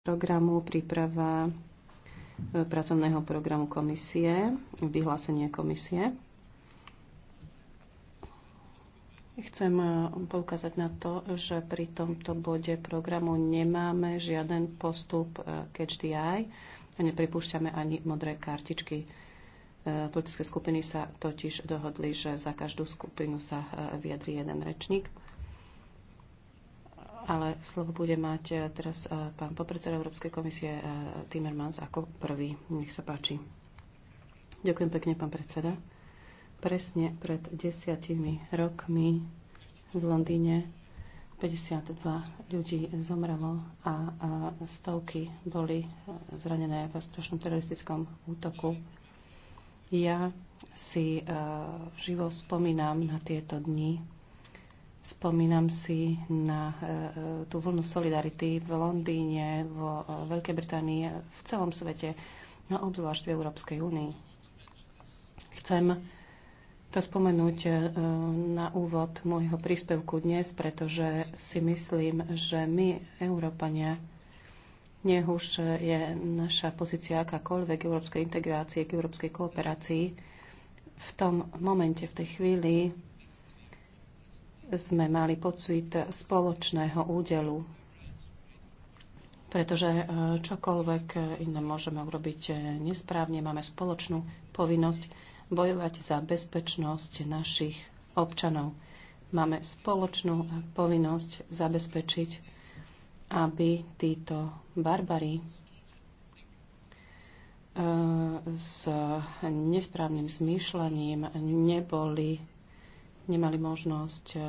programu príprava e, pracovného programu komisie, vyhlásenie komisie. Chcem e, poukázať na to, že pri tomto bode programu nemáme žiaden postup e, CatchDI a nepripúšťame ani modré kartičky. Politické skupiny sa totiž dohodli, že za každú skupinu sa vyjadrí jeden rečník ale slovo bude mať e, teraz e, pán podpredseda Európskej komisie e, Timmermans ako prvý. Nech sa páči. Ďakujem pekne, pán predseda. Presne pred desiatimi rokmi v Londýne 52 ľudí zomrelo a, stovky boli zranené v strašnom teroristickom útoku. Ja si živo spomínam na tieto dni Spomínam si na e, e, tú vlnu solidarity v Londýne, vo e, Veľkej Británii, v celom svete, no obzvlášť v Európskej únii. Chcem to spomenúť na úvod môjho príspevku dnes, pretože si myslím, že my, Európania, nech už je naša pozícia akákoľvek európskej integrácie, k európskej kooperácii, v tom momente, v tej chvíli sme mali pocit spoločného údelu, pretože e, čokoľvek iné môžeme urobiť e, nesprávne, máme spoločnú povinnosť bojovať za bezpečnosť našich občanov. Máme spoločnú povinnosť zabezpečiť, aby títo barbary e, s nesprávnym zmýšľaním neboli nemali možnosť e, e,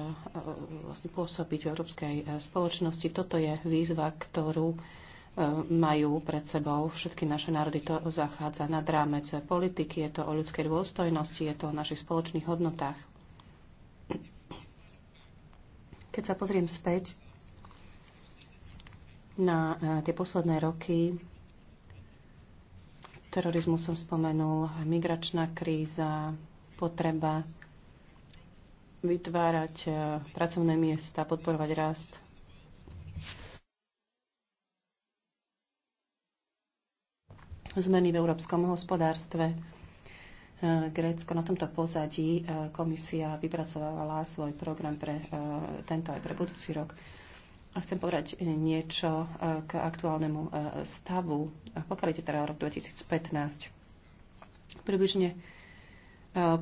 vlastne pôsobiť v európskej e, spoločnosti. Toto je výzva, ktorú majú pred sebou všetky naše národy. To zachádza nad rámec politiky, je to o ľudskej dôstojnosti, je to o našich spoločných hodnotách. Keď sa pozriem späť na tie posledné roky, terorizmus som spomenul, migračná kríza, potreba vytvárať e, pracovné miesta, podporovať rast. Zmeny v európskom hospodárstve. E, Grécko na tomto pozadí e, komisia vypracovala svoj program pre tento aj pre budúci rok. A chcem povedať niečo k aktuálnemu stavu. Pokiaľ ide teda rok 2015, približne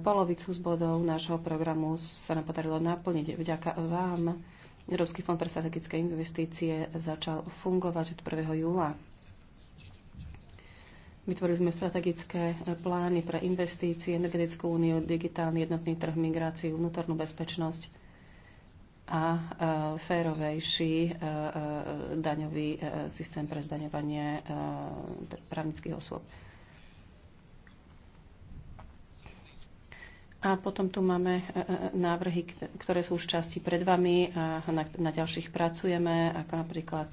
Polovicu z bodov nášho programu sa nám podarilo naplniť. Vďaka vám Európsky fond pre strategické investície začal fungovať od 1. júla. Vytvorili sme strategické plány pre investície, energetickú úniu, digitálny jednotný trh, migráciu, vnútornú bezpečnosť a e, férovejší e, e, daňový systém pre zdaňovanie právnických osôb. A potom tu máme e, e, návrhy, ktoré sú už časti pred vami a e, na, na ďalších pracujeme, ako napríklad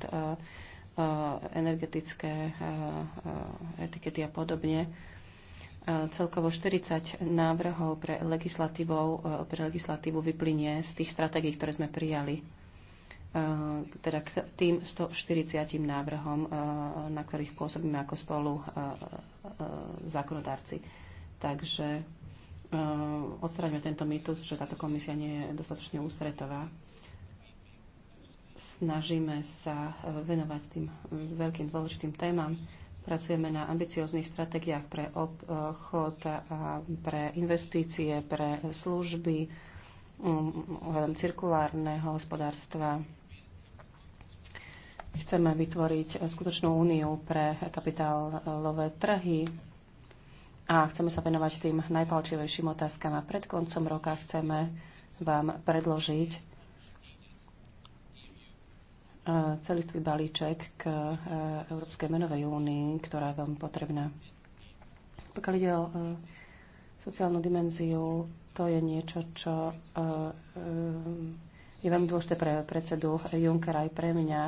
energetické etikety a podobne. Celkovo 40 návrhov pre, pre legislatívu vyplynie z tých stratégií, ktoré sme prijali teda k tým 140 návrhom, na ktorých pôsobíme ako spolu zákonodárci. Takže Eh, odstraňuje tento mýtus, že táto komisia nie je dostatočne ústretová. Snažíme sa eh, venovať tým eh, veľkým dôležitým témam. Pracujeme na ambicióznych stratégiách pre obchod, a pre investície, pre služby, um, ohľadom cirkulárneho hospodárstva. Chceme vytvoriť skutočnú úniu pre kapitálové trhy, a chceme sa venovať tým najpalčivejším otázkam a pred koncom roka chceme vám predložiť e, celistvý balíček k e, Európskej menovej únii, ktorá je veľmi potrebná. Pokiaľ ide o e, sociálnu dimenziu, to je niečo, čo je veľmi dôležité pre predsedu Junckera aj pre mňa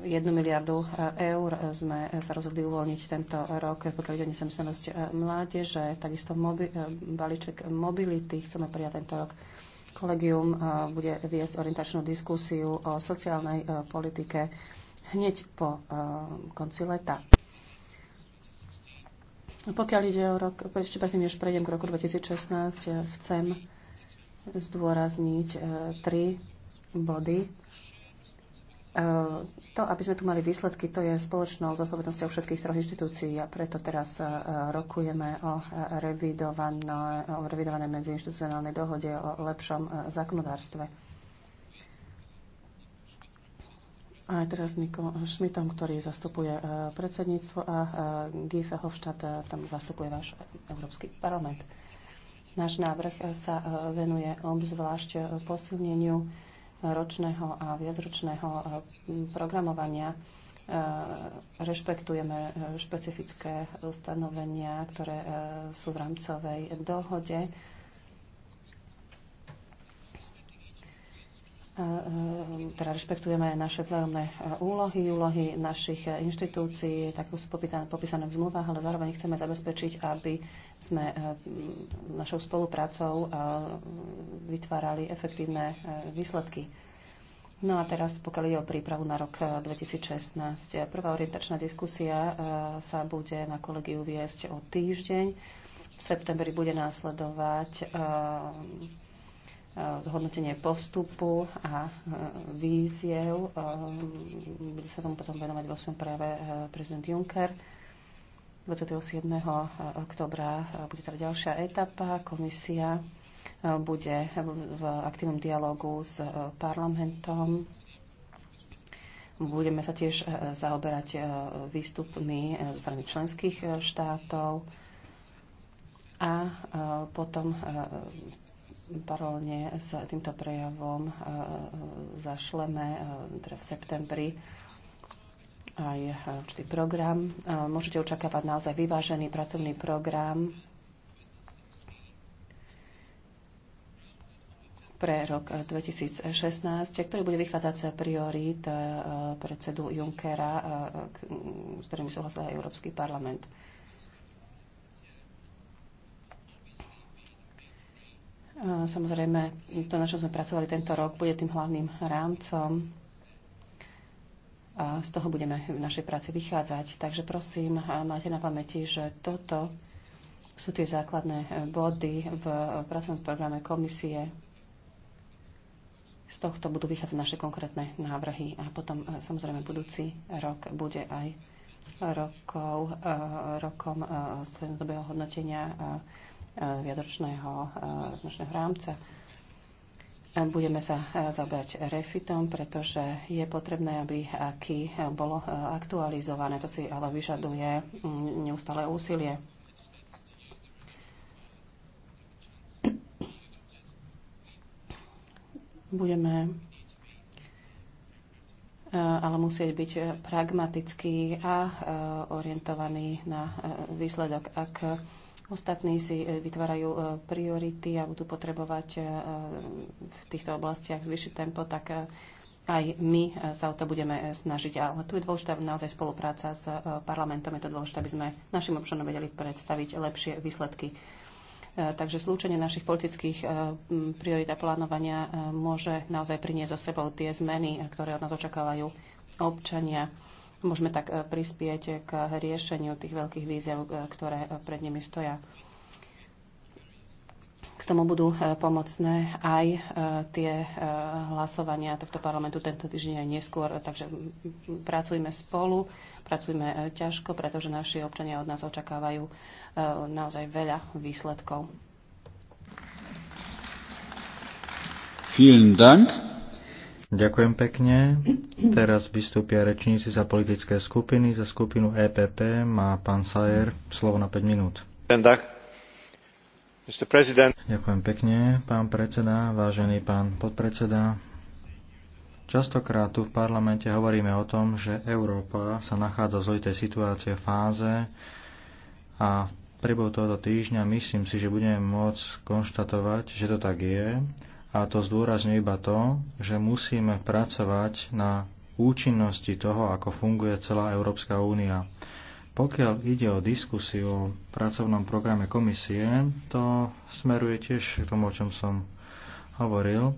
1 miliardu eh, eur eh, sme eh, sa rozhodli uvoľniť tento rok, pokiaľ ide o nesamestnanosť mládeže, takisto mobi- balíček mobility chceme prijať tento rok. Kolegium bude viesť orientačnú diskusiu o sociálnej politike hneď po konci leta. Pokiaľ ide o rok, ešte predtým, než prejdem k roku 2016, chcem zdôrazniť tri body E, to, aby sme tu mali výsledky, to je spoločnou zodpovednosťou všetkých troch inštitúcií a preto teraz e, rokujeme e, o revidovanej medziinstitucionálnej dohode o lepšom zákonodárstve. A teraz Nikom Šmitom, ktorý zastupuje predsedníctvo a Guy Hofstadt tam zastupuje váš Európsky parlament. Náš návrh sa venuje obzvlášť posilneniu ročného a viacročného eh, programovania eh, rešpektujeme eh, špecifické ustanovenia, ktoré sú v rámcovej dohode. E, teda rešpektujeme naše vzájomné e, úlohy, úlohy našich inštitúcií, tak sú popísané v zmluvách, ale zároveň chceme zabezpečiť, aby sme e, našou spoluprácou vytvárali efektívne výsledky. No a teraz, pokiaľ je o prípravu na rok 2016, prvá orientačná diskusia sa bude na kolegiu viesť o týždeň. V septembri bude následovať Eh, zhodnotenie postupu a eh, víziev. Eh, bude sa tomu potom venovať vo svojom prejave prezident Juncker. 27. oktobra bude teda ďalšia etapa. Komisia bude v aktívnom dialogu s parlamentom. Budeme sa tiež zaoberať výstupmi zo strany členských štátov a potom paralelne s týmto prejavom e, e, zašleme e, teda v septembri aj určitý program. Môžete očakávať naozaj vyvážený pracovný program pre rok 2016, ktorý bude vychádzať z priorít predsedu Junckera, s ktorým súhlasil aj Európsky parlament. Samozrejme, to, na čo sme pracovali tento rok, bude tým hlavným rámcom. A z toho budeme v našej práci vychádzať. Takže prosím, máte na pamäti, že toto sú tie základné body v pracovnom programe komisie. Z tohto budú vychádzať naše konkrétne návrhy a potom e, samozrejme budúci rok bude aj rokov, e, rokom e, strednodobého hodnotenia E, viadročného finančného e, rámca. E, budeme sa zaoberať refitom, pretože je potrebné, aby aký bolo aktualizované. To si ale vyžaduje mm, neustále úsilie. Budeme ale musieť byť pragmatický a orientovaný na výsledok. Ak Ostatní si e, vytvárajú e, priority a budú potrebovať e, v týchto oblastiach zvyšiť tempo, tak aj my sa o to budeme snažiť. Ale tu je dôležitá naozaj spolupráca s parlamentom. Je to dôležité, aby sme našim občanom vedeli predstaviť lepšie výsledky. Takže slúčenie našich politických priorit a plánovania môže naozaj priniesť so sebou tie zmeny, ktoré od nás očakávajú občania. Môžeme tak e, prispieť k riešeniu tých veľkých víziev, e, ktoré e, pred nimi stoja. K tomu budú pomocné aj tie hlasovania tohto parlamentu tento týždeň aj neskôr. Takže pracujme spolu, pracujme ťažko, pretože naši občania od nás očakávajú naozaj veľa výsledkov. Vielen Dank. Ďakujem pekne. Teraz vystúpia rečníci za politické skupiny. Za skupinu EPP má pán Sajer slovo na 5 minút. Ďakujem pekne, pán predseda, vážený pán podpredseda. Častokrát tu v parlamente hovoríme o tom, že Európa sa nachádza v zlojitej situácie fáze a v priebehu tohoto týždňa myslím si, že budeme môcť konštatovať, že to tak je a to zdôrazňuje iba to, že musíme pracovať na účinnosti toho, ako funguje celá Európska únia. Pokiaľ ide o diskusiu o pracovnom programe komisie, to smeruje tiež k tomu, o čom som hovoril.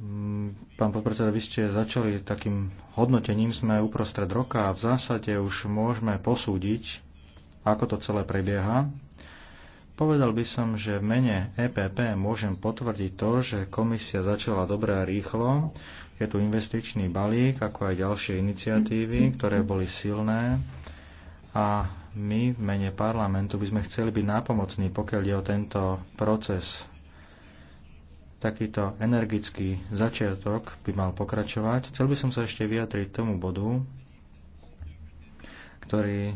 Mm, pán podpredseda, vy ste začali takým hodnotením, sme uprostred roka a v zásade už môžeme posúdiť, ako to celé prebieha. Povedal by som, že v mene EPP môžem potvrdiť to, že komisia začala dobre a rýchlo. Je tu investičný balík, ako aj ďalšie iniciatívy, ktoré boli silné. A my v mene parlamentu by sme chceli byť nápomocní, pokiaľ je o tento proces. Takýto energický začiatok by mal pokračovať. Chcel by som sa ešte vyjadriť tomu bodu, ktorý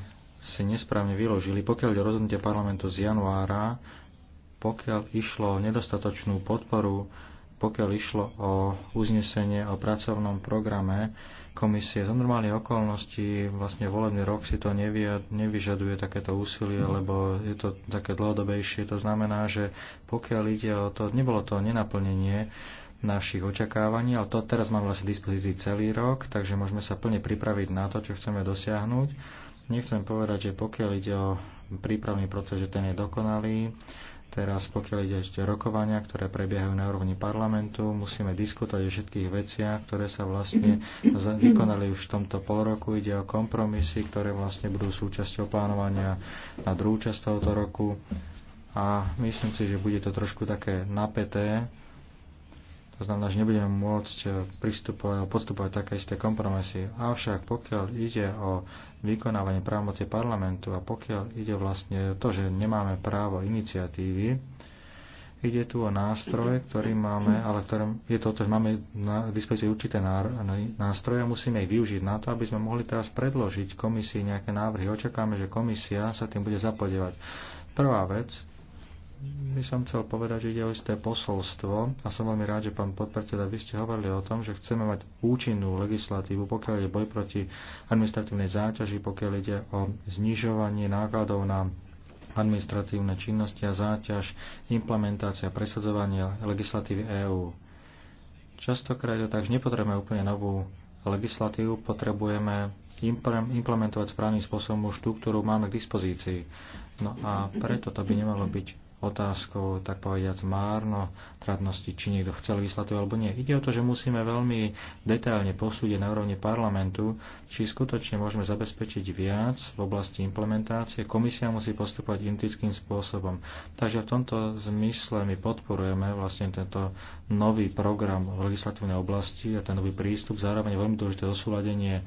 si nesprávne vyložili, pokiaľ je rozhodnutie parlamentu z januára, pokiaľ išlo o nedostatočnú podporu, pokiaľ išlo o uznesenie o pracovnom programe komisie. Za normálnych okolností vlastne volebný rok si to nevyžaduje takéto úsilie, no. lebo je to také dlhodobejšie. To znamená, že pokiaľ ide o to, nebolo to nenaplnenie našich očakávaní, ale to teraz máme vlastne dispozícii celý rok, takže môžeme sa plne pripraviť na to, čo chceme dosiahnuť Nechcem povedať, že pokiaľ ide o prípravný proces, že ten je dokonalý. Teraz, pokiaľ ide ešte rokovania, ktoré prebiehajú na úrovni parlamentu, musíme diskutovať o všetkých veciach, ktoré sa vlastne vykonali už v tomto pol roku. Ide o kompromisy, ktoré vlastne budú súčasťou plánovania na druhú časť tohoto roku. A myslím si, že bude to trošku také napäté, to znamená, že nebudeme môcť eh, pristupovať podstupovať také isté kompromisy. Avšak pokiaľ ide o vykonávanie právomoci parlamentu a pokiaľ ide vlastne to, že nemáme právo iniciatívy, ide tu o nástroj, ktorý máme, ale ktorým je to, že máme na dispozícii určité nástroje a musíme ich využiť na to, aby sme mohli teraz predložiť komisii nejaké návrhy. Očakáme, že komisia sa tým bude zapodievať. Prvá vec, by som chcel povedať, že ide o isté posolstvo a som veľmi rád, že pán podpredseda, vy ste hovorili o tom, že chceme mať účinnú legislatívu, pokiaľ je boj proti administratívnej záťaži, pokiaľ ide o znižovanie nákladov na administratívne činnosti a záťaž, implementácia, presadzovanie legislatívy EÚ. Častokrát je to tak, že nepotrebujeme úplne novú legislatívu, potrebujeme implementovať správnym spôsobom štruktúru máme k dispozícii. No a preto to by nemalo byť otázkou, tak povediac, márno tratnosti, či niekto chcel vyslať alebo nie. Ide o to, že musíme veľmi detailne posúdiť na úrovni parlamentu, či skutočne môžeme zabezpečiť viac v oblasti implementácie. Komisia musí postupovať identickým spôsobom. Takže v tomto zmysle my podporujeme vlastne tento nový program v legislatívnej oblasti a ten nový prístup, zároveň veľmi dôležité osúladenie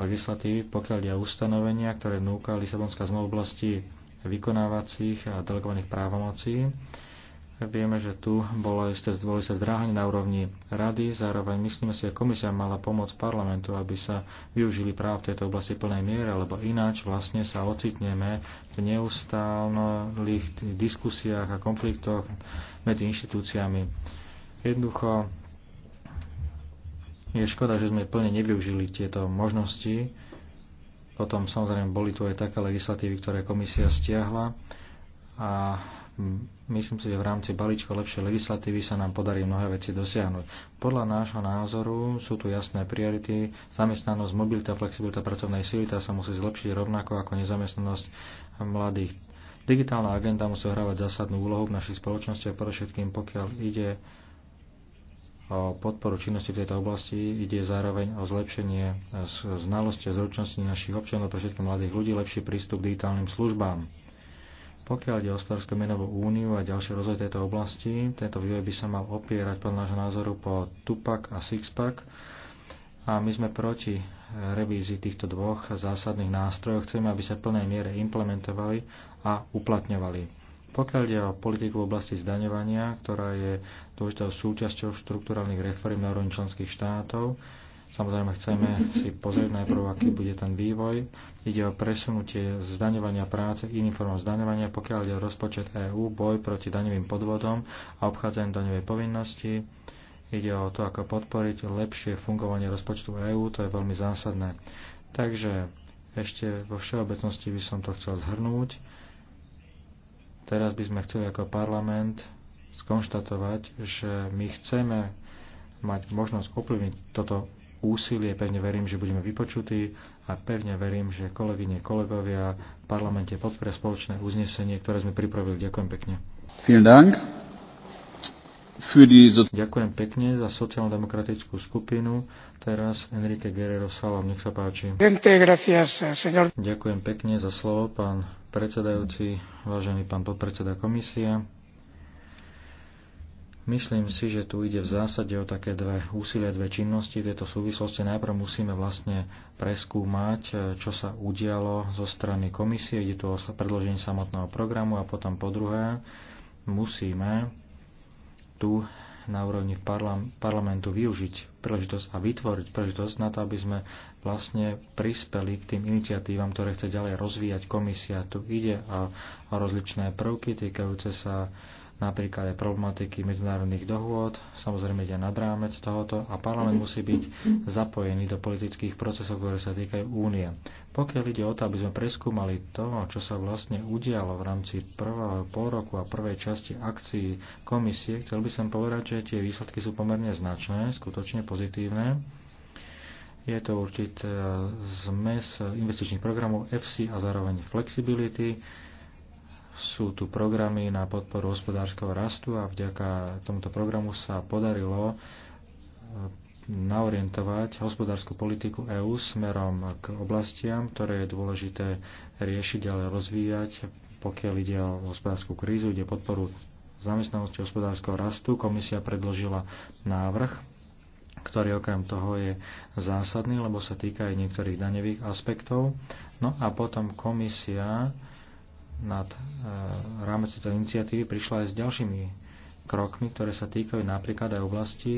legislatívy, pokiaľ ide ustanovenia, ktoré vnúka Lisabonská zmluva oblasti vykonávacích a delegovaných právomocí. Vieme, že tu bolo isté dôležité zdráhanie na úrovni rady, zároveň myslíme si, že komisia mala pomôcť parlamentu, aby sa využili práv v tejto oblasti plnej miere, lebo ináč vlastne sa ocitneme v neustálnych diskusiách a konfliktoch medzi inštitúciami. Jednoducho je škoda, že sme plne nevyužili tieto možnosti, potom samozrejme boli tu aj také legislatívy, ktoré komisia stiahla a myslím si, že v rámci balíčka lepšej legislatívy sa nám podarí mnohé veci dosiahnuť. Podľa nášho názoru sú tu jasné priority. Zamestnanosť, mobilita, flexibilita pracovnej síly, tá sa musí zlepšiť rovnako ako nezamestnanosť mladých. Digitálna agenda musí hrávať zásadnú úlohu v našich a predovšetkým pokiaľ ide o podporu činnosti v tejto oblasti, ide zároveň o zlepšenie znalosti a zručnosti našich občanov, pre všetkých mladých ľudí, lepší prístup k digitálnym službám. Pokiaľ ide o hospodárskú menovú úniu a ďalší rozvoj tejto oblasti, tento vývoj by sa mal opierať podľa nášho názoru po Tupac a Sixpack a my sme proti revízii týchto dvoch zásadných nástrojov. Chceme, aby sa v plnej miere implementovali a uplatňovali. Pokiaľ ide o politiku v oblasti zdaňovania, ktorá je dôležitou súčasťou štruktúrálnych reform na úrovni členských štátov, Samozrejme chceme si pozrieť najprv, aký bude ten vývoj. Ide o presunutie zdaňovania práce k iným formám zdaňovania, pokiaľ ide o rozpočet EÚ, boj proti daňovým podvodom a obchádzaniu daňovej povinnosti. Ide o to, ako podporiť lepšie fungovanie rozpočtu EÚ, to je veľmi zásadné. Takže ešte vo všeobecnosti by som to chcel zhrnúť. Teraz by sme chceli ako parlament skonštatovať, že my chceme mať možnosť ovplyvniť toto úsilie. Pevne verím, že budeme vypočutí a pevne verím, že kolegyne, kolegovia v parlamente podporia spoločné uznesenie, ktoré sme pripravili. Ďakujem pekne. Ďakujem pekne za sociálno-demokratickú skupinu. Teraz Enrique Guerrero Salom, nech sa páči. Ďakujem pekne za slovo, pán predsedajúci, vážený pán podpredseda komisie. Myslím si, že tu ide v zásade o také dve úsilie, dve činnosti. V tejto súvislosti najprv musíme vlastne preskúmať, čo sa udialo zo strany komisie. Ide tu o predloženie samotného programu a potom po druhé musíme tu na úrovni parlamentu využiť príležitosť a vytvoriť príležitosť na to, aby sme vlastne prispeli k tým iniciatívam, ktoré chce ďalej rozvíjať komisia. Tu ide o, o rozličné prvky týkajúce sa napríklad aj problematiky medzinárodných dohôd, samozrejme ide nad rámec tohoto a parlament musí byť zapojený do politických procesov, ktoré sa týkajú únie. Pokiaľ ide o to, aby sme preskúmali to, čo sa vlastne udialo v rámci prvého pôroku a prvej časti akcií komisie, chcel by som povedať, že tie výsledky sú pomerne značné, skutočne pozitívne. Je to určitá zmes investičných programov FC a zároveň flexibility sú tu programy na podporu hospodárskeho rastu a vďaka tomuto programu sa podarilo e, naorientovať hospodárskú politiku EÚ smerom k oblastiam, ktoré je dôležité riešiť, ale rozvíjať, pokiaľ ide o hospodárskú krízu, ide podporu zamestnanosti hospodárskeho rastu. Komisia predložila návrh, ktorý okrem toho je zásadný, lebo sa týka aj niektorých daňových aspektov. No a potom komisia nad e, rámec tejto iniciatívy prišla aj s ďalšími krokmi, ktoré sa týkajú napríklad aj oblasti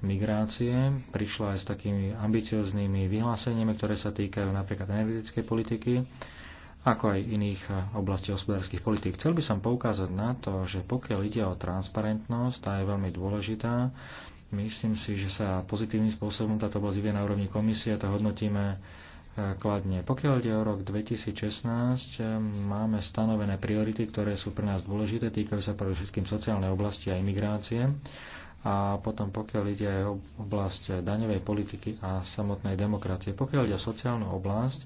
migrácie. Prišla aj s takými ambicioznými vyhláseniami, ktoré sa týkajú napríklad energetickej politiky, ako aj iných e, oblastí hospodárskych politík. Chcel by som poukázať na to, že pokiaľ ide o transparentnosť, tá je veľmi dôležitá. Myslím si, že sa pozitívnym spôsobom táto oblasť vyvie na úrovni komisie, to hodnotíme kladne. Pokiaľ ide o rok 2016, máme stanovené priority, ktoré sú pre nás dôležité, týkajú sa všetkým sociálnej oblasti a imigrácie a potom pokiaľ ide aj o oblasť daňovej politiky a samotnej demokracie. Pokiaľ ide o sociálnu oblasť,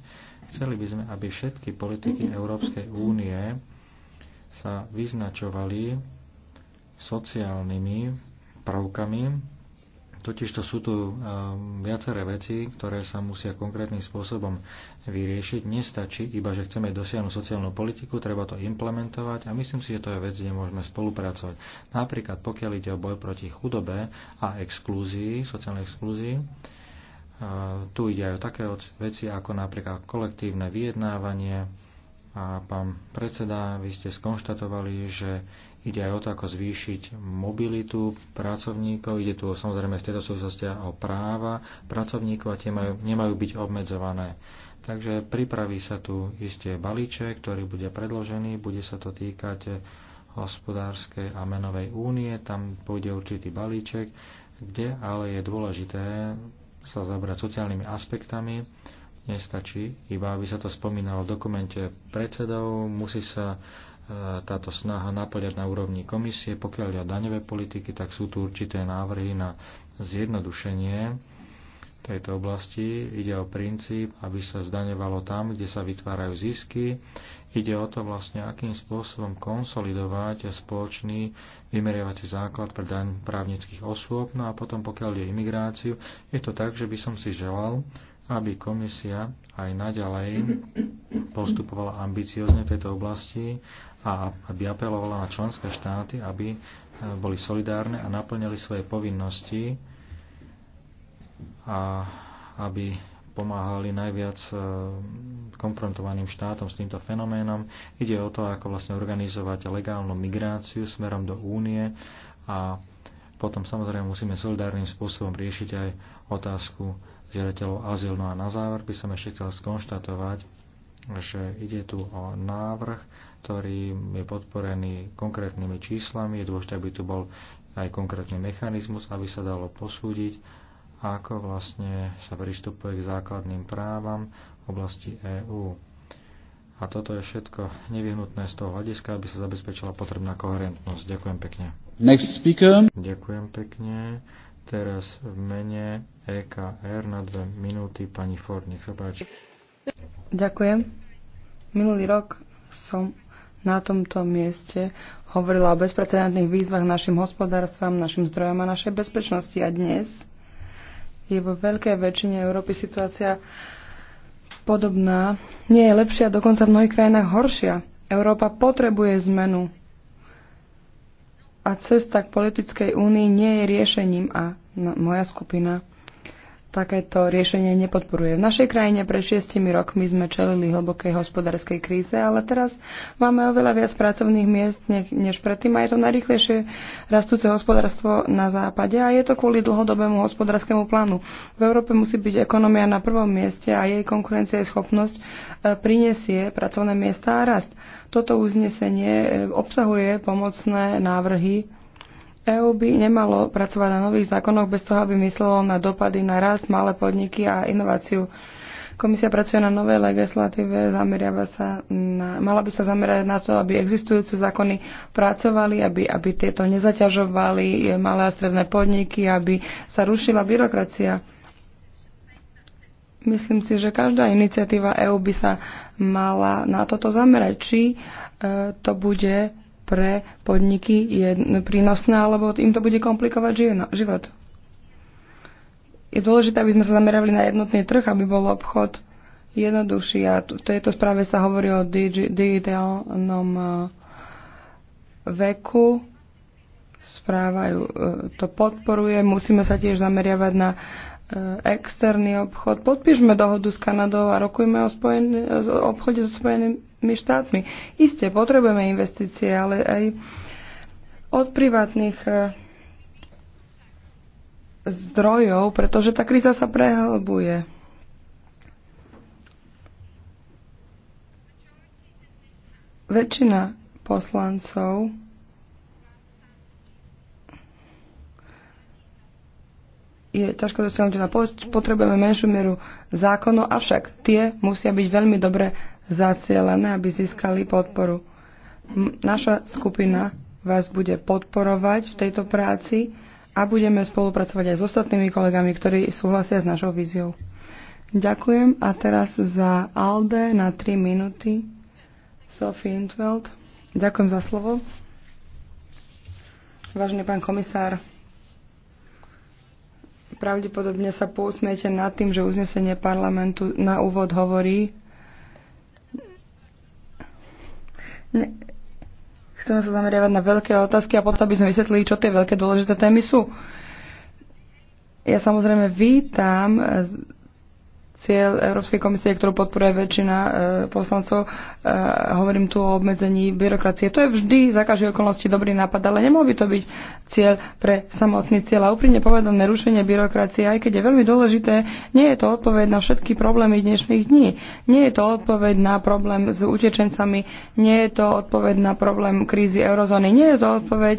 chceli by sme, aby všetky politiky Európskej únie sa vyznačovali sociálnymi prvkami, Totižto sú tu eh, viaceré veci, ktoré sa musia konkrétnym spôsobom vyriešiť. Nestačí iba, že chceme dosiahnuť sociálnu politiku, treba to implementovať a myslím si, že to je vec, kde môžeme spolupracovať. Napríklad pokiaľ ide o boj proti chudobe a exklúzii, sociálnej exklúzii, eh, tu ide aj o také veci ako napríklad kolektívne vyjednávanie, a pán predseda, vy ste skonštatovali, že Ide aj o to, ako zvýšiť mobilitu pracovníkov. Ide tu samozrejme v tejto súvislosti o práva pracovníkov a tie majú, nemajú byť obmedzované. Takže pripraví sa tu isté balíček, ktorý bude predložený. Bude sa to týkať hospodárskej a menovej únie. Tam pôjde určitý balíček, kde ale je dôležité sa zabrať sociálnymi aspektami. Nestačí, iba aby sa to spomínalo v dokumente predsedov, musí sa táto snaha naplňať na úrovni komisie. Pokiaľ ja daňové politiky, tak sú tu určité návrhy na zjednodušenie tejto oblasti. Ide o princíp, aby sa zdaňovalo tam, kde sa vytvárajú zisky. Ide o to vlastne, akým spôsobom konsolidovať spoločný vymeriavací základ pre daň právnických osôb. No a potom, pokiaľ je imigráciu, je to tak, že by som si želal, aby komisia aj naďalej postupovala ambiciozne v tejto oblasti a aby apelovala na členské štáty, aby e, boli solidárne a naplňali svoje povinnosti a aby pomáhali najviac e, konfrontovaným štátom s týmto fenoménom. Ide o to, ako vlastne organizovať legálnu migráciu smerom do únie a potom samozrejme musíme solidárnym spôsobom riešiť aj otázku žiadateľov azyl. No a na záver by som ešte chcel skonštatovať, že ide tu o návrh, ktorý je podporený konkrétnymi číslami. Je dôležité, aby tu bol aj konkrétny mechanizmus, aby sa dalo posúdiť, ako vlastne sa pristupuje k základným právam v oblasti EÚ. A toto je všetko nevyhnutné z toho hľadiska, aby sa zabezpečila potrebná koherentnosť. Ďakujem pekne. Next speaker. Ďakujem pekne. Teraz v mene EKR na dve minúty pani Ford, nech sa páči. Ďakujem. Minulý rok som na tomto mieste hovorila o bezprecedentných výzvach našim hospodárstvam, našim zdrojom a našej bezpečnosti. A dnes je vo veľkej väčšine Európy situácia podobná. Nie je lepšia, dokonca v mnohých krajinách horšia. Európa potrebuje zmenu. A cesta k politickej únii nie je riešením a moja skupina takéto riešenie nepodporuje. V našej krajine pred šiestimi rokmi sme čelili hlbokej hospodárskej kríze, ale teraz máme oveľa viac pracovných miest než predtým a je to najrychlejšie rastúce hospodárstvo na západe a je to kvôli dlhodobému hospodárskému plánu. V Európe musí byť ekonomia na prvom mieste a jej konkurencia schopnosť e, prinesie pracovné miesta a rast. Toto uznesenie e, obsahuje pomocné návrhy EÚ by nemalo pracovať na nových zákonoch bez toho, aby myslelo na dopady na rast, malé podniky a inováciu. Komisia pracuje na novej legislatíve, zameriava sa na, mala by sa zamerať na to, aby existujúce zákony pracovali, aby, aby tieto nezaťažovali malé a stredné podniky, aby sa rušila byrokracia. Myslím si, že každá iniciatíva EÚ by sa mala na toto zamerať. Či e, to bude pre podniky je prínosná, alebo im to bude komplikovať život. Je dôležité, aby sme sa zamerali na jednotný trh, aby bol obchod jednoduchší. A v tejto správe sa hovorí o digitálnom e, veku. Správa e, to podporuje. Musíme sa tiež zameriavať na E, externý obchod. Podpíšme dohodu s Kanadou a rokujme o, spojený, o obchode so Spojenými štátmi. Isté, potrebujeme investície, ale aj od privátnych e, zdrojov, pretože tá kríza sa prehlbuje. Väčšina poslancov je ťažko dosiahnuteľná. Potrebujeme menšiu mieru zákonov, avšak tie musia byť veľmi dobre zacielené, aby získali podporu. Naša skupina vás bude podporovať v tejto práci a budeme spolupracovať aj s ostatnými kolegami, ktorí súhlasia s našou víziou. Ďakujem a teraz za Alde na 3 minúty. Sophie Intveld. Ďakujem za slovo. Vážený pán komisár, Pravdepodobne sa pousmiete nad tým, že uznesenie parlamentu na úvod hovorí. Ne, chceme sa zameriavať na veľké otázky a potom by sme vysvetlili, čo tie veľké dôležité témy sú. Ja samozrejme vítam cieľ Európskej komisie, ktorú podporuje väčšina e, poslancov. E, hovorím tu o obmedzení byrokracie. To je vždy za každej okolnosti dobrý nápad, ale nemohol by to byť cieľ pre samotný cieľ. A úprimne povedané, rušenie byrokracie, aj keď je veľmi dôležité, nie je to odpoveď na všetky problémy dnešných dní. Nie je to odpoveď na problém s utečencami, nie je to odpoveď na problém krízy eurozóny, nie je to odpoveď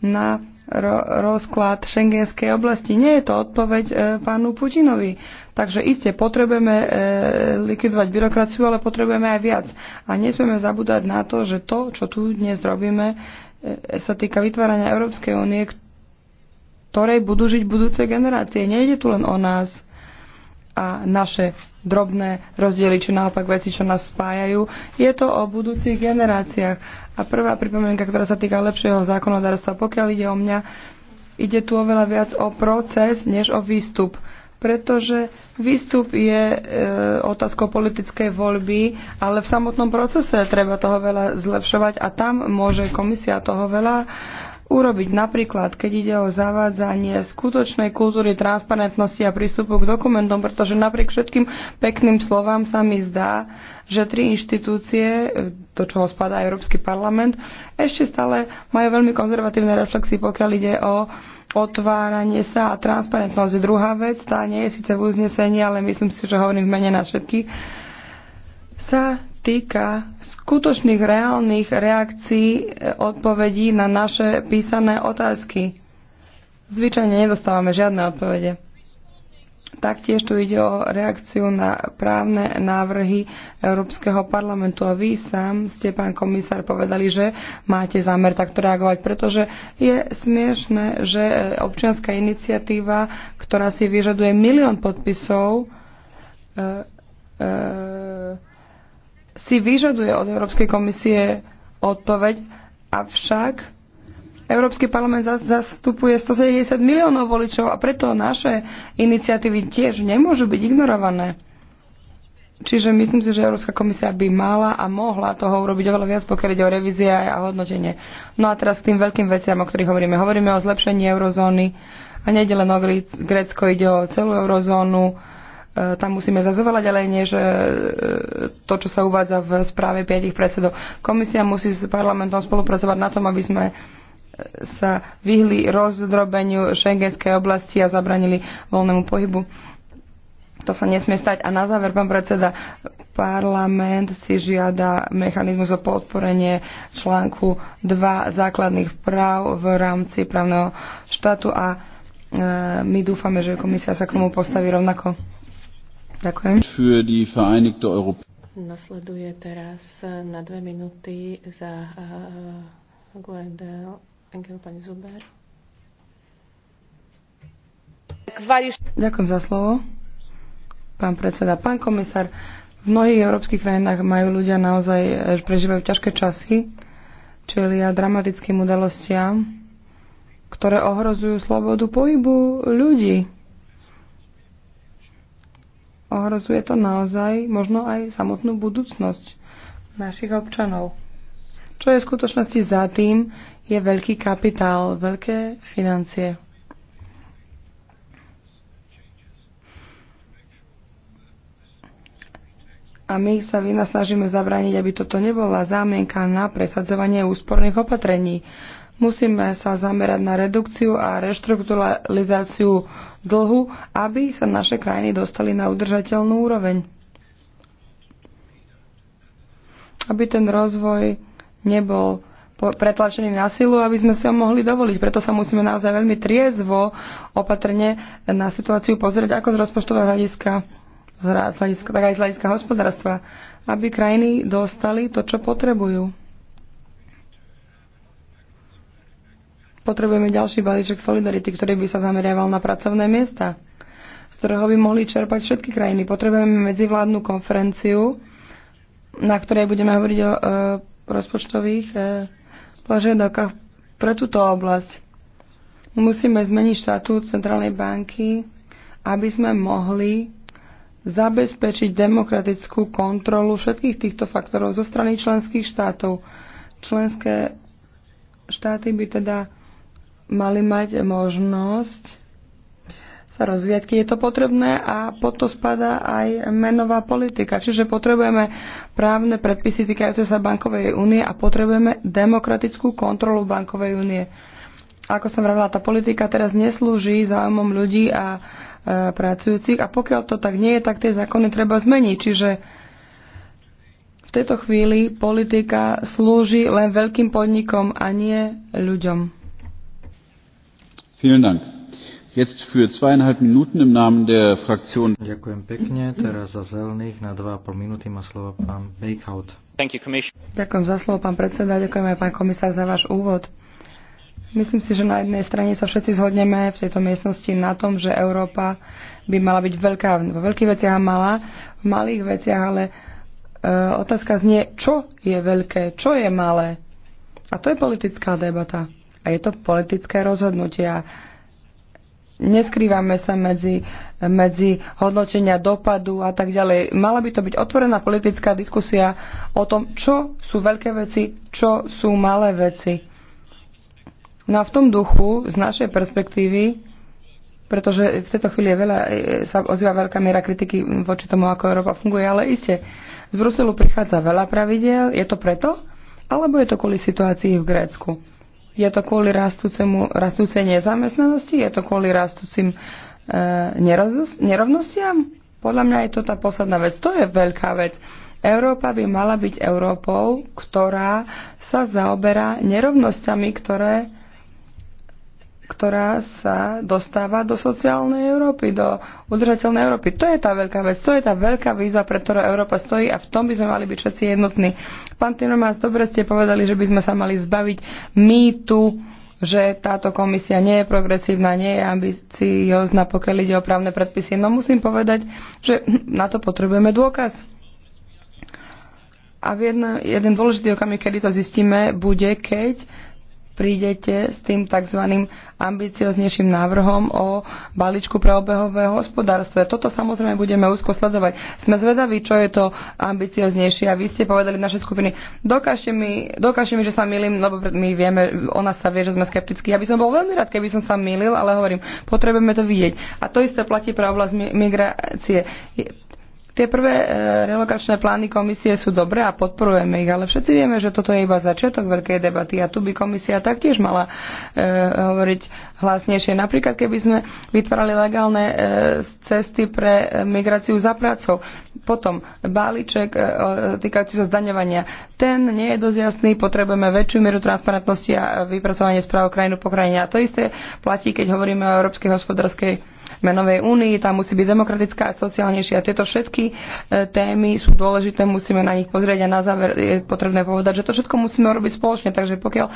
na ro- rozklad šengenskej oblasti. Nie je to odpoveď e, pánu Putinovi. Takže iste potrebujeme e, likvidovať byrokraciu, ale potrebujeme aj viac. A nesmieme zabúdať na to, že to, čo tu dnes robíme, e, sa týka vytvárania Európskej únie, ktorej budú žiť budúce generácie. Nejde tu len o nás a naše drobné rozdiely, či naopak veci, čo nás spájajú. Je to o budúcich generáciách. A prvá pripomienka, ktorá sa týka lepšieho zákonodárstva, pokiaľ ide o mňa, ide tu oveľa viac o proces, než o výstup pretože výstup je e, otázkou politickej voľby, ale v samotnom procese treba toho veľa zlepšovať a tam môže komisia toho veľa urobiť. Napríklad, keď ide o zavádzanie skutočnej kultúry transparentnosti a prístupu k dokumentom, pretože napriek všetkým pekným slovám sa mi zdá, že tri inštitúcie, do čoho spadá Európsky parlament, ešte stále majú veľmi konzervatívne reflexy, pokiaľ ide o otváranie sa a transparentnosť. Druhá vec, tá nie je síce v uznesení, ale myslím si, že hovorím v mene na všetkých, sa týka skutočných reálnych reakcií e, odpovedí na naše písané otázky. Zvyčajne nedostávame žiadne odpovede. Taktiež tu ide o reakciu na právne návrhy Európskeho parlamentu a vy sám ste, pán komisár, povedali, že máte zámer takto reagovať, pretože je smiešne, že e, občianská iniciatíva, ktorá si vyžaduje milión podpisov, e, e, si vyžaduje od Európskej komisie odpoveď, avšak Európsky parlament zastupuje 170 miliónov voličov a preto naše iniciatívy tiež nemôžu byť ignorované. Čiže myslím si, že Európska komisia by mala a mohla toho urobiť oveľa viac, pokiaľ ide o revízie a hodnotenie. No a teraz k tým veľkým veciam, o ktorých hovoríme. Hovoríme o zlepšení eurozóny a nejde len o Grécko, ide o celú eurozónu E, tam musíme zase oveľa ďalej, že e, to, čo sa uvádza v správe piatich predsedov. Komisia musí s parlamentom spolupracovať na tom, aby sme e, sa vyhli rozdrobeniu šengenskej oblasti a zabranili voľnému pohybu. To sa nesmie stať. A na záver, pán predseda, parlament si žiada mechanizmus o podporenie článku 2 základných práv v rámci právneho štátu a my dúfame, že komisia sa k tomu postaví rovnako. Ďakujem. Für die Vereinigte Nasleduje teraz eh, na dve minúty za uh, eh, Guendel Engel pani Zuber. Ďakujem za slovo. Pán predseda, pán komisár, v mnohých európskych krajinách majú ľudia naozaj, eh, prežívajú ťažké časy, čelia dramatickým udalostiam, ktoré ohrozujú slobodu pohybu ľudí Ohrozuje to naozaj možno aj samotnú budúcnosť našich občanov. Čo je v skutočnosti za tým, je veľký kapitál, veľké financie. A my sa vynasnažíme snažíme zabrániť, aby toto nebola zámienka na presadzovanie úsporných opatrení. Musíme sa zamerať na redukciu a reštrukturalizáciu dlhu, aby sa naše krajiny dostali na udržateľnú úroveň. Aby ten rozvoj nebol pretlačený na silu, aby sme si ho mohli dovoliť. Preto sa musíme naozaj veľmi triezvo, opatrne na situáciu pozrieť ako z rozpočtového hľadiska, z hľadiska, tak aj z hľadiska hospodárstva, aby krajiny dostali to, čo potrebujú. potrebujeme ďalší balíček solidarity, ktorý by sa zameriaval na pracovné miesta, z ktorého by mohli čerpať všetky krajiny. Potrebujeme medzivládnu konferenciu, na ktorej budeme hovoriť o e, rozpočtových e, požiadavkách pre túto oblasť. Musíme zmeniť štatút Centrálnej banky, aby sme mohli zabezpečiť demokratickú kontrolu všetkých týchto faktorov zo strany členských štátov. Členské štáty by teda mali mať možnosť sa rozvíjať, keď je to potrebné a pod to spadá aj menová politika. Čiže potrebujeme právne predpisy týkajúce sa bankovej únie a potrebujeme demokratickú kontrolu bankovej únie. Ako som vravila, tá politika teraz neslúži záujmom ľudí a e, pracujúcich a pokiaľ to tak nie je, tak tie zákony treba zmeniť. Čiže v tejto chvíli politika slúži len veľkým podnikom a nie ľuďom. Ďakujem pekne. Teraz za zelených na 2,5 minúty má slovo pán Bejkhout. Ďakujem za slovo, pán predseda. Ďakujem aj pán komisár za váš úvod. Myslím si, že na jednej strane sa všetci zhodneme v tejto miestnosti na tom, že Európa by mala byť veľká, vo veľkých veciach a malá, v malých veciach, ale e, otázka znie, čo je veľké, čo je malé. A to je politická debata. A je to politické rozhodnutie. A neskrývame sa medzi, medzi hodnotenia dopadu a tak ďalej. Mala by to byť otvorená politická diskusia o tom, čo sú veľké veci, čo sú malé veci. No a v tom duchu, z našej perspektívy, pretože v tejto chvíli je veľa, sa ozýva veľká miera kritiky voči tomu, ako Európa funguje, ale iste, z Bruselu prichádza veľa pravidel, je to preto? Alebo je to kvôli situácii v Grécku? Je to kvôli rastúcemu, rastúcej nezamestnanosti? Je to kvôli rastúcim e, nerovnostiam? Podľa mňa je to tá posledná vec. To je veľká vec. Európa by mala byť Európou, ktorá sa zaoberá nerovnosťami, ktoré ktorá sa dostáva do sociálnej Európy, do udržateľnej Európy. To je tá veľká vec, to je tá veľká víza, pre ktorú Európa stojí a v tom by sme mali byť všetci jednotní. Pán Tinomás, dobre ste povedali, že by sme sa mali zbaviť mýtu, že táto komisia nie je progresívna, nie je ambiciozna, pokiaľ ide o právne predpisy. No musím povedať, že na to potrebujeme dôkaz. A v jedno, jeden dôležitý okamih, kedy to zistíme, bude, keď prídete s tým tzv. ambicioznejším návrhom o balíčku pre obehové hospodárstve. Toto samozrejme budeme úzko sledovať. Sme zvedaví, čo je to ambicioznejšie a vy ste povedali naše skupiny, dokážte mi, dokážte mi, že sa milím, lebo my vieme, ona sa vie, že sme skeptickí. Ja by som bol veľmi rád, keby som sa milil, ale hovorím, potrebujeme to vidieť. A to isté platí pre oblasť migrácie Tie prvé e, relokačné plány komisie sú dobré a podporujeme ich, ale všetci vieme, že toto je iba začiatok veľkej debaty a tu by komisia taktiež mala e, hovoriť hlasnejšie. Napríklad, keby sme vytvárali legálne e, cesty pre e, migráciu za prácou, potom balíček e, týkajúci sa zdaňovania, ten nie je dosť jasný, potrebujeme väčšiu mieru transparentnosti a vypracovanie správ krajinu po krajine. A to isté platí, keď hovoríme o Európskej hospodárskej menovej únii, tam musí byť demokratická a sociálnejšia. Tieto všetky E, témy sú dôležité, musíme na nich pozrieť a na záver je potrebné povedať, že to všetko musíme robiť spoločne, takže pokiaľ e,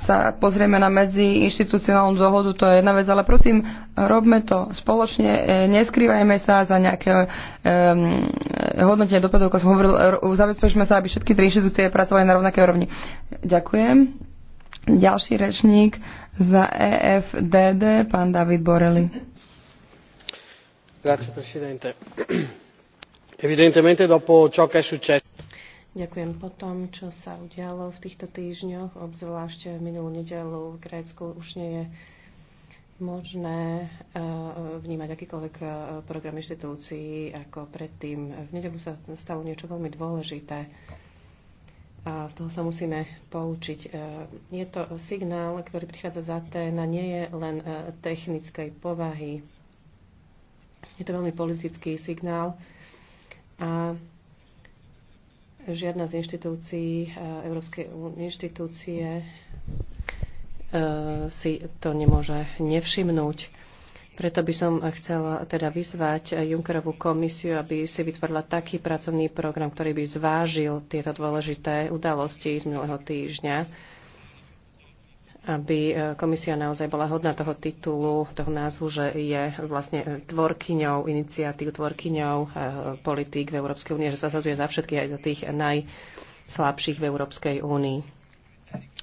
sa pozrieme na medziinstitucionálnu dohodu, to je jedna vec, ale prosím, robme to spoločne, e, neskrývajme sa za nejaké um, hodnotenie dopadov, ako som hovoril, zabezpečme sa, aby všetky tri inštitúcie pracovali na rovnaké úrovni. Ďakujem. Ďalší rečník za EFDD, pán David Borely signor presidente evidentemente dopo ciò che è successo. Ďakujem. Po tom, čo sa udialo v týchto týždňoch, obzvlášť minulú nedeľu v Grécku, už nie je možné eh, vnímať akýkoľvek eh, program inštitúcií ako predtým. V nedeľu sa stalo niečo veľmi dôležité a z toho sa musíme poučiť. Eh, je to signál, ktorý prichádza z Aténa, nie je len technickej povahy je to veľmi politický signál a žiadna z inštitúcií, eh, Európskej inštitúcie eh, si to nemôže nevšimnúť. Preto by som chcela teda vyzvať eh, Junckerovú komisiu, aby si vytvorila taký pracovný program, ktorý by zvážil tieto dôležité udalosti z minulého týždňa aby e, komisia naozaj bola hodná toho titulu, toho názvu, že je vlastne tvorkyňou iniciatív, tvorkyňou e, politík v Európskej únie, že sa zasadzuje za všetkých aj za tých najslabších v Európskej únii.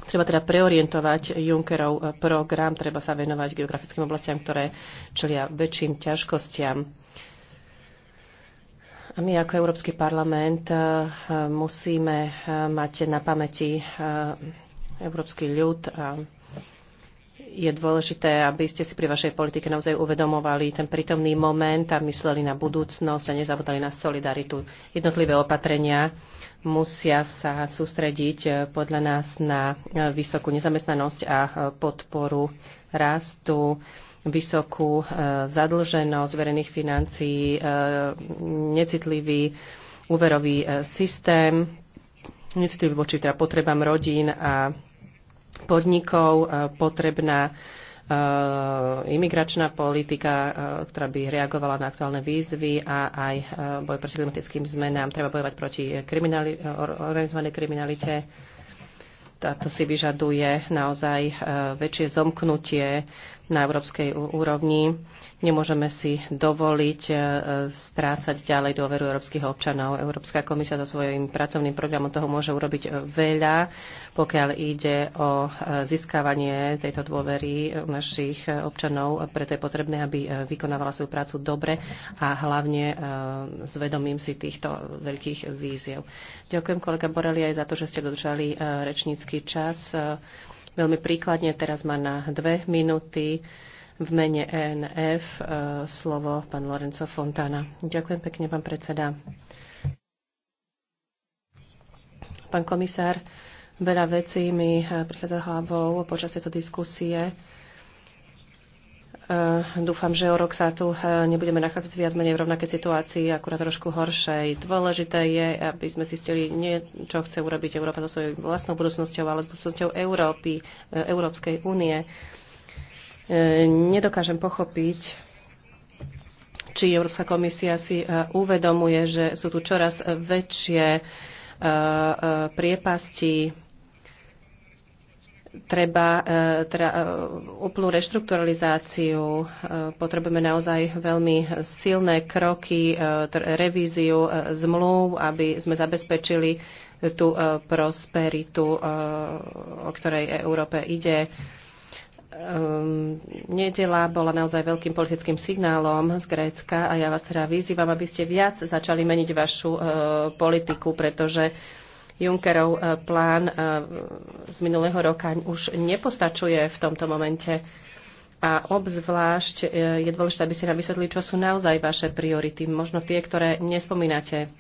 Treba teda preorientovať Junckerov e, program, treba sa venovať geografickým oblastiam, ktoré čelia väčším ťažkostiam. A my ako Európsky parlament musíme mať na pamäti európsky ľud a je dôležité, aby ste si pri vašej politike naozaj uvedomovali ten prítomný moment a mysleli na budúcnosť a nezabudali na solidaritu. Jednotlivé opatrenia musia sa sústrediť eh, podľa nás na eh, vysokú nezamestnanosť a eh, podporu rastu, vysokú zadlženosť verejných financií, necitlivý úverový systém, necitlivý voči teda potrebám rodín a podnikov, e, potrebná e, imigračná politika, e, ktorá by reagovala na aktuálne výzvy a aj boj proti klimatickým zmenám. Treba bojovať proti kriminali- organizovanej kriminalite. Táto si vyžaduje naozaj väčšie zomknutie na európskej úrovni. Nemôžeme si dovoliť e, strácať ďalej dôveru európskych občanov. Európska komisia so svojím pracovným programom toho môže urobiť e, veľa, pokiaľ ide o e, získavanie tejto dôvery našich občanov. Preto je potrebné, aby vykonávala svoju prácu dobre a hlavne zvedomím si týchto veľkých víziev. Ďakujem kolega Boreli aj za to, že ste dodržali rečnícky čas veľmi príkladne. Teraz má na dve minúty v mene ENF e, slovo pán Lorenzo Fontana. Ďakujem pekne, pán predseda. Pán komisár, veľa vecí mi e, prichádza hlavou počas tejto diskusie. E, dúfam, že o rok sa tu e, nebudeme nachádzať viac menej v rovnakej situácii, akurát trošku horšej. Dôležité je, aby sme zistili nie, čo chce urobiť Európa so svojou vlastnou budúcnosťou, ale s budúcnosťou Európy, e, Európskej únie. Nedokážem pochopiť, či Európska komisia si uvedomuje, že sú tu čoraz väčšie priepasti treba e, teda, e, úplnú reštrukturalizáciu, e, potrebujeme naozaj veľmi silné kroky, revíziu zmluv, aby sme zabezpečili tú prosperitu, o ktorej Európe ide. Ehm, nedela bola naozaj veľkým politickým signálom z Grécka a ja vás teda vyzývam, aby ste viac začali meniť vašu politiku, pretože Junckerov eh, plán eh, z minulého roka už nepostačuje v tomto momente. A obzvlášť eh, je dôležité, aby ste nám vysvetlili, čo sú naozaj vaše priority, možno tie, ktoré nespomínate.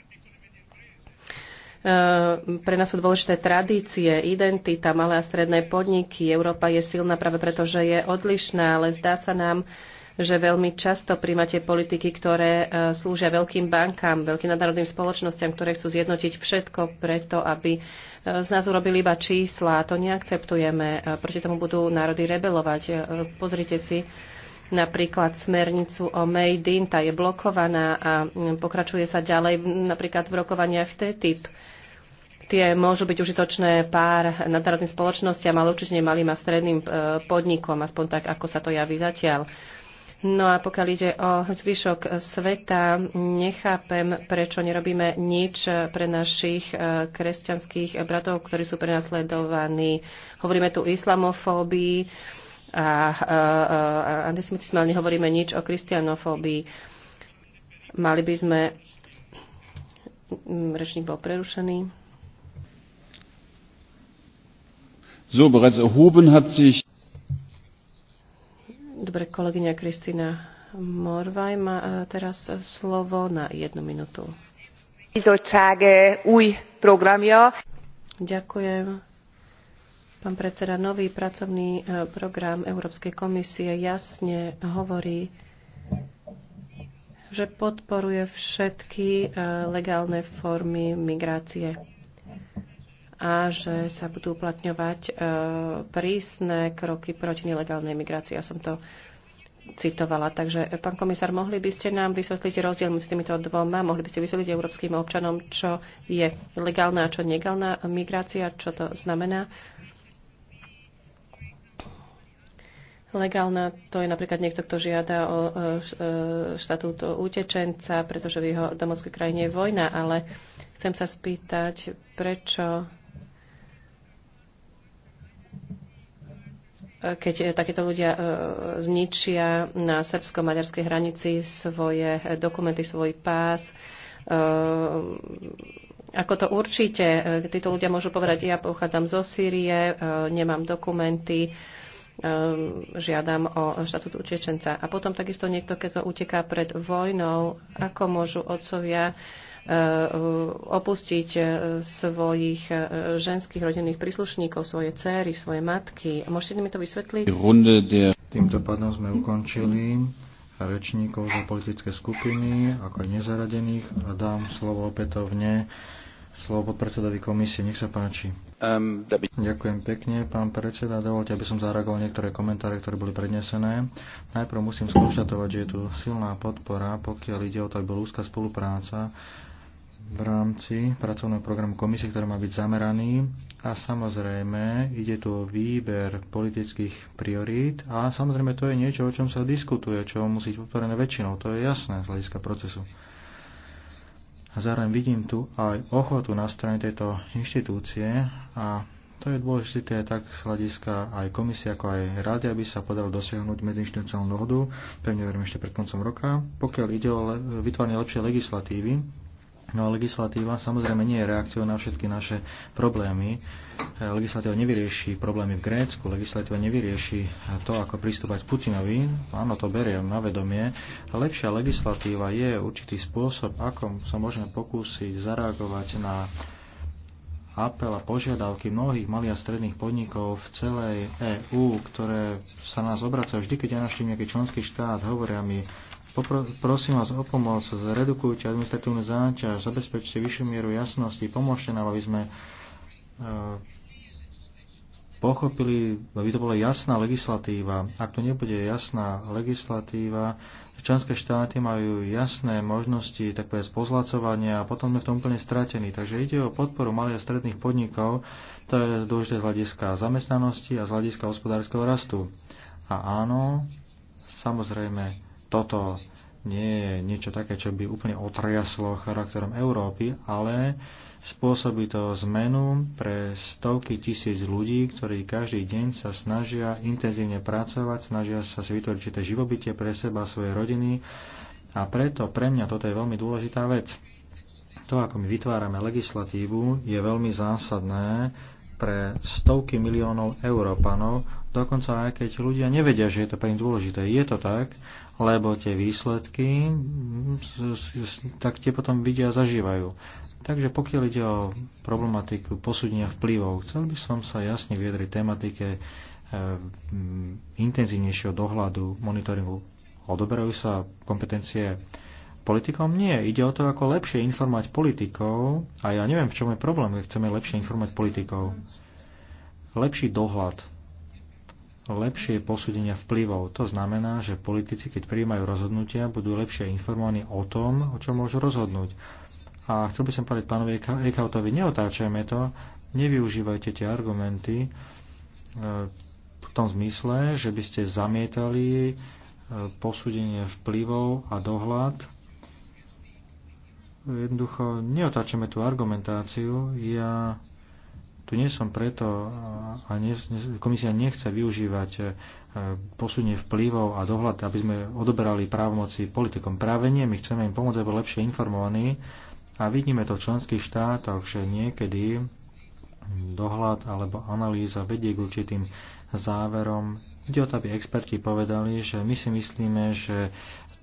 Pre nás sú dôležité tradície, identita, malé a stredné podniky. Európa je silná práve preto, že je odlišná, ale zdá sa nám, že veľmi často príjmate politiky, ktoré e, slúžia veľkým bankám, veľkým nadnárodným spoločnosťam, ktoré chcú zjednotiť všetko preto, aby e, z nás urobili iba čísla. To neakceptujeme. E, proti tomu budú národy rebelovať. Pozrite si napríklad smernicu o Made in, tá je blokovaná a pokračuje sa ďalej napríklad v rokovaniach TTIP tie môžu byť užitočné pár nadnárodným spoločnosťam, ale určite malým a stredným podnikom, aspoň tak, ako sa to javí zatiaľ. No a pokiaľ ide o zvyšok sveta, nechápem, prečo nerobíme nič pre našich e, kresťanských bratov, ktorí sú prenasledovaní. Hovoríme tu o islamofóbii a e, e, antisemitizme, ale nehovoríme nič o kristianofóbii. Mali by sme... Mm, rečník bol prerušený. So, bereits erhoben hat sich Dobre, kolegyňa Kristýna Morvaj má e, teraz slovo na jednu minútu. Bizottság e, új programja. Ďakujem. Pán predseda, nový pracovný e, program Európskej komisie jasne hovorí, že podporuje všetky legálne formy migrácie a že sa budú uplatňovať e, prísne kroky proti nelegálnej migrácii. Ja som to citovala. Takže, e, pán komisár, mohli by ste nám vysvetliť rozdiel medzi týmito dvoma? Mohli by ste vysvetliť európskym občanom, čo je legálna a čo negálna migrácia, čo to znamená? Legálna to je napríklad niekto, kto žiada o e, štatút utečenca, pretože v jeho domovskej krajine je vojna, ale chcem sa spýtať, prečo keď eh, takíto ľudia eh, zničia na srbsko-maďarskej hranici svoje eh, dokumenty, svoj pás. Ako to určite, títo ľudia môžu povedať, ja pochádzam zo Sýrie, nemám dokumenty, žiadam o štatút utečenca. A potom takisto niekto, keď to uteká pred vojnou, ako môžu otcovia Eh, opustiť eh, svojich eh, ženských rodinných príslušníkov, svoje céry, svoje matky. Môžete mi to vysvetliť? Týmto pádom sme ukončili rečníkov za politické skupiny, ako aj nezaradených a dám slovo opätovne slovo podpredsedovi komisie. Nech sa páči. Um, ehm, by... Ďakujem pekne, pán predseda. Dovolte, aby som zareagoval niektoré komentáre, ktoré boli prednesené. Najprv musím skonštatovať, že je tu silná podpora, pokiaľ ide o to, aby bola úzka spolupráca v rámci pracovného programu komisie, ktorý má byť zameraný a samozrejme ide tu o výber politických priorít a samozrejme to je niečo, o čom sa diskutuje, čo musí byť podporené väčšinou, to je jasné z hľadiska procesu. A zároveň vidím tu aj ochotu na strane tejto inštitúcie a to je dôležité tak z hľadiska aj komisie, ako aj rady, aby sa podarilo dosiahnuť medziinstitucionálnu dohodu, pevne verím ešte pred koncom roka, pokiaľ ide o vytvorenie lepšej legislatívy No a legislatíva samozrejme nie je reakciou na všetky naše problémy. E, legislatíva nevyrieši problémy v Grécku, legislatíva nevyrieši to, ako pristúpať Putinovi. Áno, to beriem na vedomie. Lepšia legislatíva je určitý spôsob, ako sa môžeme pokúsiť zareagovať na apel a požiadavky mnohých malých a stredných podnikov v celej EÚ, ktoré sa nás obracajú vždy, keď ja naštím nejaký členský štát, hovoria mi, Prosím vás o pomoc, zredukujte administratívnu záťaž, zabezpečte vyššiu mieru jasnosti, pomôžte nám, aby sme e, pochopili, aby to bola jasná legislatíva. Ak to nebude jasná legislatíva, členské štáty majú jasné možnosti takové spozlacovania a potom sme v tom úplne stratení. Takže ide o podporu malých a stredných podnikov, to je dôležité z hľadiska zamestnanosti a z hľadiska hospodárskeho rastu. A áno, samozrejme, toto nie je niečo také, čo by úplne otriaslo charakterom Európy, ale spôsobí to zmenu pre stovky tisíc ľudí, ktorí každý deň sa snažia intenzívne pracovať, snažia sa si vytvoriť určité živobytie pre seba a svoje rodiny a preto pre mňa toto je veľmi dôležitá vec. To, ako my vytvárame legislatívu, je veľmi zásadné pre stovky miliónov Európanov, dokonca aj keď ľudia nevedia, že je to pre nich dôležité. Je to tak, lebo tie výsledky tak tie potom vidia a zažívajú. Takže pokiaľ ide o problematiku posúdenia vplyvov, chcel by som sa jasne vyjadriť tematike e, intenzívnejšieho dohľadu, monitoringu. Odoberajú sa kompetencie politikom? Nie. Ide o to, ako lepšie informovať politikov a ja neviem, v čom je problém, keď chceme lepšie informovať politikov. Lepší dohľad lepšie posúdenia vplyvov. To znamená, že politici, keď príjmajú rozhodnutia, budú lepšie informovaní o tom, o čom môžu rozhodnúť. A chcel by som povedať pánovi Ekautovi, neotáčajme to, nevyužívajte tie argumenty e, v tom zmysle, že by ste zamietali e, posúdenie vplyvov a dohľad. Jednoducho neotáčame tú argumentáciu. Ja tu nie som preto eh, a nie, komisia nechce využívať eh, posunie vplyvov a dohľad, aby sme odoberali právomoci politikom. Práve nie, my chceme im pomôcť, aby lepšie informovaní a vidíme to v členských štátoch, že niekedy dohľad alebo analýza vedie k určitým záverom. Ide o to, aby experti povedali, že my si myslíme, že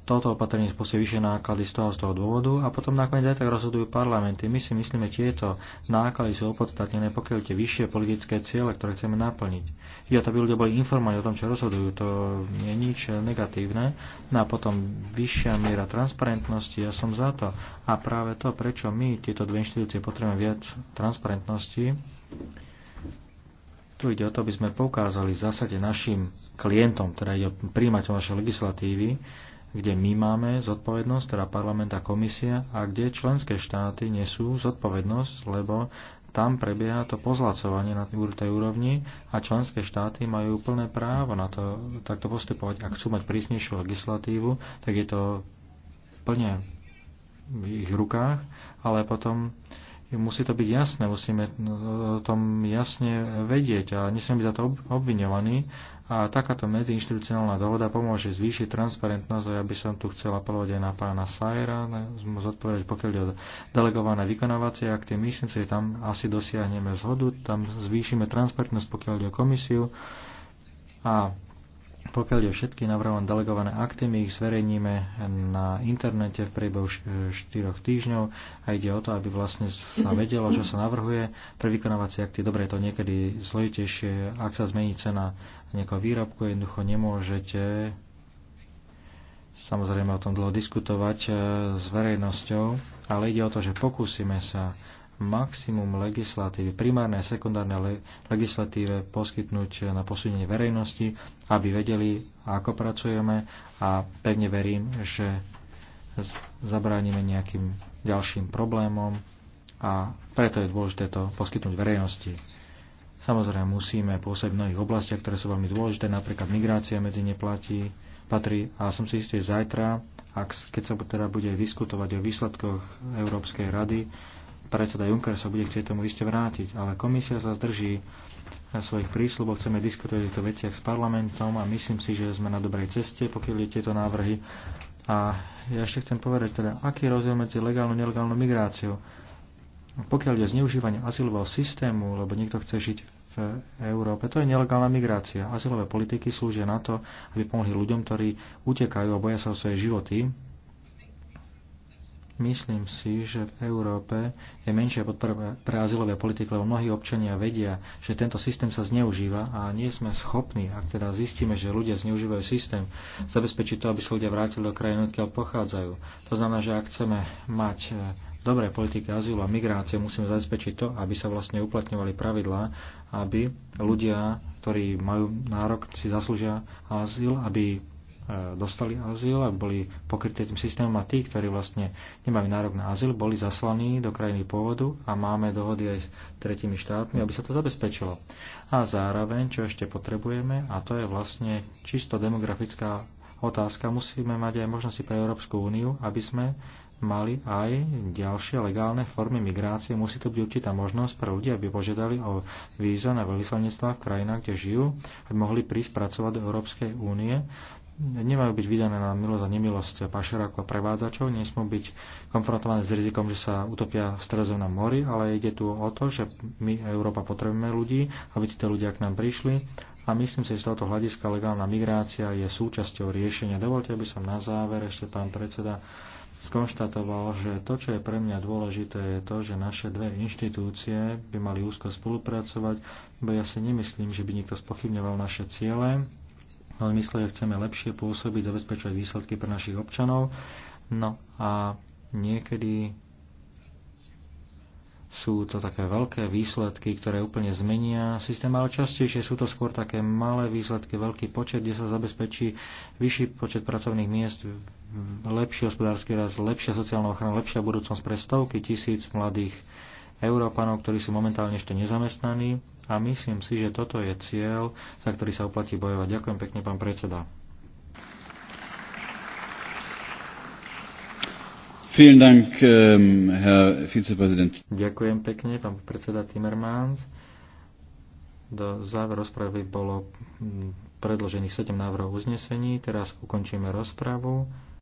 toto opatrenie spôsobí vyššie náklady z toho, z toho dôvodu a potom nakoniec aj tak rozhodujú parlamenty. My si myslíme, tieto náklady sú opodstatnené, pokiaľ tie vyššie politické ciele, ktoré chceme naplniť. Ja to by ľudia boli informovaní o tom, čo rozhodujú, to je nič negatívne. No a potom vyššia miera transparentnosti, ja som za to. A práve to, prečo my tieto dve inštitúcie potrebujeme viac transparentnosti, tu ide o to, aby sme poukázali v zásade našim klientom, teda ide o príjmateľ našej legislatívy, kde my máme zodpovednosť, teda parlament a komisia, a kde členské štáty nesú zodpovednosť, lebo tam prebieha to pozlacovanie na tej úrovni a členské štáty majú plné právo na to takto postupovať. Ak chcú mať prísnejšiu legislatívu, tak je to plne v ich rukách, ale potom musí to byť jasné, musíme o tom jasne vedieť a nesmieme byť za to obviňovaní a takáto medziinstitucionálna dohoda pomôže zvýšiť transparentnosť a ja by som tu chcel apelovať aj na pána Sajera, mu zodpovedať, pokiaľ ide o delegované vykonávacie akty. Myslím si, že tam asi dosiahneme zhodu, tam zvýšime transparentnosť, pokiaľ ide o komisiu. A pokiaľ je všetky navrhované delegované akty, my ich zverejníme na internete v priebehu 4 týždňov a ide o to, aby vlastne sa vedelo, čo sa navrhuje pre vykonávacie akty. Dobre, je to niekedy zložitejšie, ak sa zmení cena nejakého výrobku, jednoducho nemôžete samozrejme o tom dlho diskutovať e, s verejnosťou, ale ide o to, že pokúsime sa maximum legislatívy, primárne a sekundárnej le- legislatíve poskytnúť na posúdenie verejnosti, aby vedeli, ako pracujeme a pevne verím, že zabránime nejakým ďalším problémom a preto je dôležité to poskytnúť verejnosti. Samozrejme musíme pôsobiť v mnohých oblastiach, ktoré sú veľmi dôležité, napríklad migrácia medzi neplatí, patrí a som si istý, že zajtra, ak, keď sa teda bude diskutovať o výsledkoch Európskej rady, predseda Juncker sa bude chcieť tomu iste vrátiť, ale komisia sa zdrží svojich prísľubov, chceme diskutovať o týchto veciach s parlamentom a myslím si, že sme na dobrej ceste, pokiaľ je tieto návrhy. A ja ešte chcem povedať teda, aký je rozdiel medzi legálnou a nelegálnou migráciou. Pokiaľ je zneužívanie azylového systému, lebo niekto chce žiť v Európe, to je nelegálna migrácia. Azylové politiky slúžia na to, aby pomohli ľuďom, ktorí utekajú a boja sa o svoje životy, Myslím si, že v Európe je menšia podpora pre azylové politiky, lebo mnohí občania vedia, že tento systém sa zneužíva a nie sme schopní, ak teda zistíme, že ľudia zneužívajú systém, zabezpečiť to, aby sa ľudia vrátili do krajiny, odkiaľ pochádzajú. To znamená, že ak chceme mať e, dobré politiky azylu a migrácie, musíme zabezpečiť to, aby sa vlastne uplatňovali pravidlá, aby ľudia, ktorí majú nárok, si zaslúžia azyl, aby E, dostali azyl a boli pokrytí tým systémom a tí, ktorí vlastne nemajú nárok na azyl, boli zaslaní do krajiny pôvodu a máme dohody aj s tretími štátmi, aby sa to zabezpečilo. A zároveň, čo ešte potrebujeme, a to je vlastne čisto demografická otázka, musíme mať aj možnosti pre Európsku úniu, aby sme mali aj ďalšie legálne formy migrácie. Musí to byť určitá možnosť pre ľudí, aby požiadali o víza na veľvyslanectvá v krajinách, kde žijú, aby mohli prísť pracovať do Európskej únie nemajú byť vydané na milosť a nemilosť pašerákov a prevádzačov, nesmú byť konfrontované s rizikom, že sa utopia v Stredozemnom mori, ale ide tu o to, že my, Európa, potrebujeme ľudí, aby títo ľudia k nám prišli a myslím si, že z tohoto hľadiska legálna migrácia je súčasťou riešenia. Dovolte, aby som na záver ešte pán predseda skonštatoval, že to, čo je pre mňa dôležité, je to, že naše dve inštitúcie by mali úzko spolupracovať, lebo ja si nemyslím, že by niekto spochybňoval naše ciele No mysle chceme lepšie pôsobiť, zabezpečovať výsledky pre našich občanov. No a niekedy sú to také veľké výsledky, ktoré úplne zmenia systém, ale častejšie sú to skôr také malé výsledky, veľký počet, kde sa zabezpečí vyšší počet pracovných miest, lepší hospodársky rast, lepšia sociálna ochrana, lepšia budúcnosť pre stovky tisíc mladých Európanov, ktorí sú momentálne ešte nezamestnaní a myslím si, že toto je cieľ, za ktorý sa oplatí bojovať. Ďakujem pekne, pán predseda. Ähm, Ďakujem pekne, pán predseda Timmermans. Do záver rozpravy bolo hm, predložených 7 návrhov uznesení. Teraz ukončíme rozpravu.